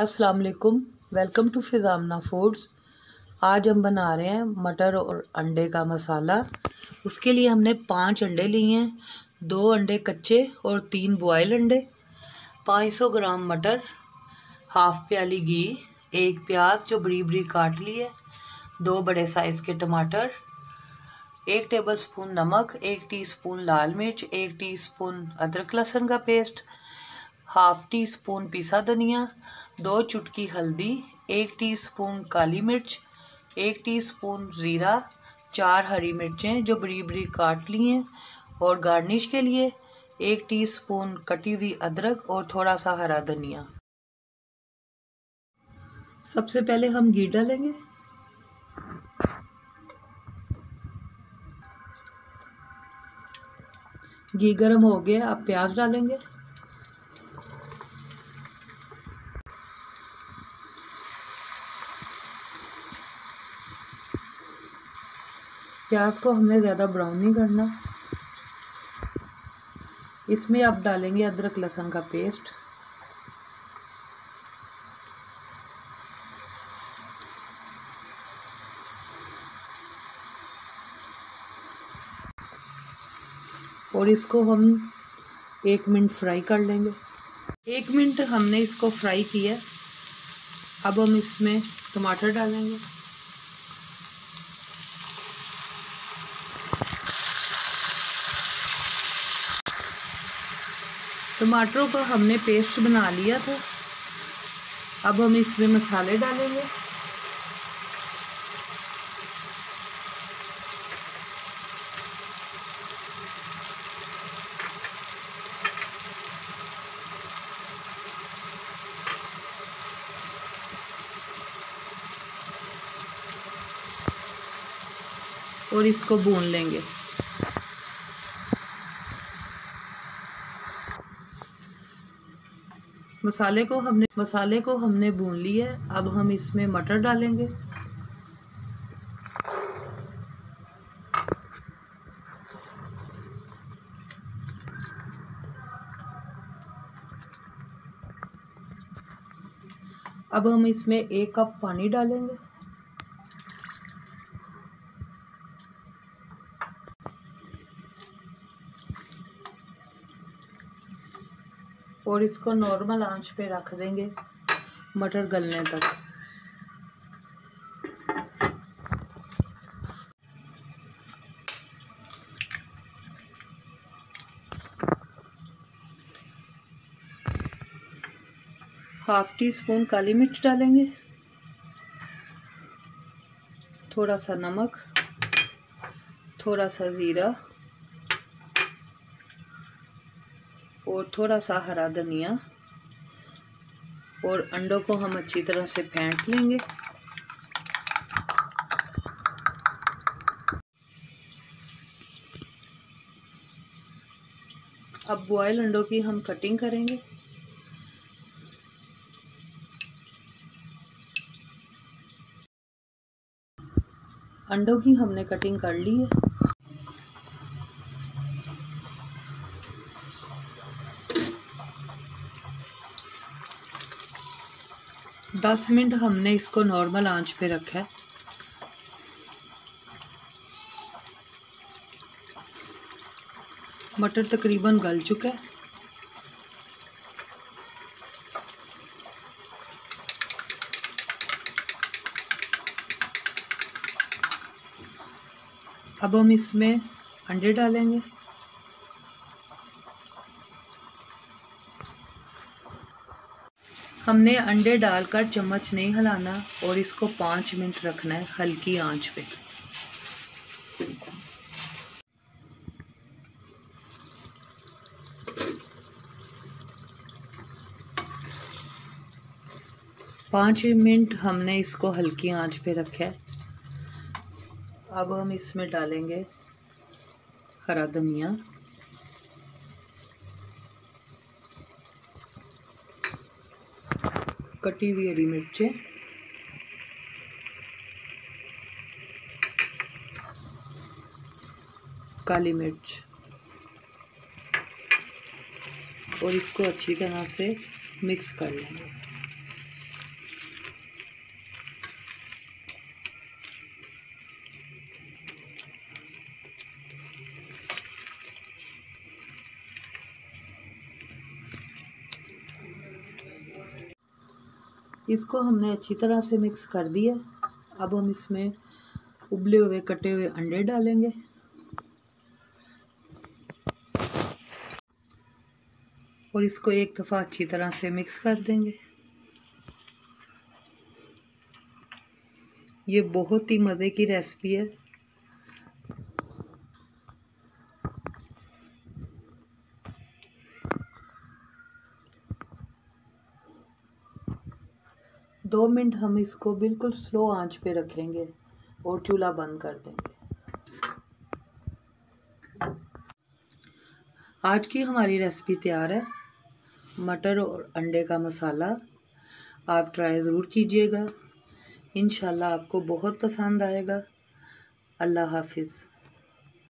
अस्सलाम वालेकुम welcome to Fizamna foods आज हम बना रहे हैं मटर और अंडे का मसाला उसके लिए हमने पाँच अंडे लिए हैं दो अंडे कच्चे और तीन बॉयल अंडे 500 ग्राम मटर हाफ प्याली घी एक प्याज जो बड़ी बड़ी काट ली है दो बड़े साइज़ के टमाटर एक टेबलस्पून नमक एक टीस्पून लाल मिर्च एक टीस्पून अदरक लहसुन का पेस्ट हाफ टी स्पून पिसा धनिया दो चुटकी हल्दी एक टीस्पून काली मिर्च एक टीस्पून ज़ीरा चार हरी मिर्चें जो बड़ी बड़ी काट ली हैं और गार्निश के लिए एक टीस्पून कटी हुई अदरक और थोड़ा सा हरा धनिया सबसे पहले हम घी डालेंगे घी गर्म हो गया अब प्याज डालेंगे प्याज को हमने ज़्यादा ब्राउन नहीं करना इसमें आप डालेंगे अदरक लहसुन का पेस्ट और इसको हम एक मिनट फ्राई कर लेंगे एक मिनट हमने इसको फ्राई किया अब हम इसमें टमाटर डालेंगे टमाटरों का हमने पेस्ट बना लिया था अब हम इसमें मसाले डालेंगे और इसको भून लेंगे मसाले को हमने मसाले को हमने भून लिया है अब हम इसमें मटर डालेंगे अब हम इसमें एक कप पानी डालेंगे और इसको नॉर्मल आंच पे रख देंगे मटर गलने तक हाफ टी स्पून काली मिर्च डालेंगे थोड़ा सा नमक थोड़ा सा ज़ीरा और थोड़ा सा हरा धनिया और अंडों को हम अच्छी तरह से फेंट लेंगे अब बॉयल अंडों की हम कटिंग करेंगे अंडों की हमने कटिंग कर ली है दस मिनट हमने इसको नॉर्मल आंच पे रखा है मटर तकरीबन गल चुका है अब हम इसमें अंडे डालेंगे हमने अंडे डालकर चम्मच नहीं हिलाना और इसको पाँच मिनट रखना है हल्की आंच पे पाँच मिनट हमने इसको हल्की आंच पे रखा है अब हम इसमें डालेंगे हरा धनिया कटी हुई हरी मिर्चें काली मिर्च और इसको अच्छी तरह से मिक्स कर लेंगे इसको हमने अच्छी तरह से मिक्स कर दिया अब हम इसमें उबले हुए कटे हुए अंडे डालेंगे और इसको एक दफ़ा अच्छी तरह से मिक्स कर देंगे ये बहुत ही मज़े की रेसिपी है दो मिनट हम इसको बिल्कुल स्लो आंच पे रखेंगे और चूल्हा बंद कर देंगे आज की हमारी रेसिपी तैयार है मटर और अंडे का मसाला आप ट्राई ज़रूर कीजिएगा इन आपको बहुत पसंद आएगा अल्लाह हाफिज़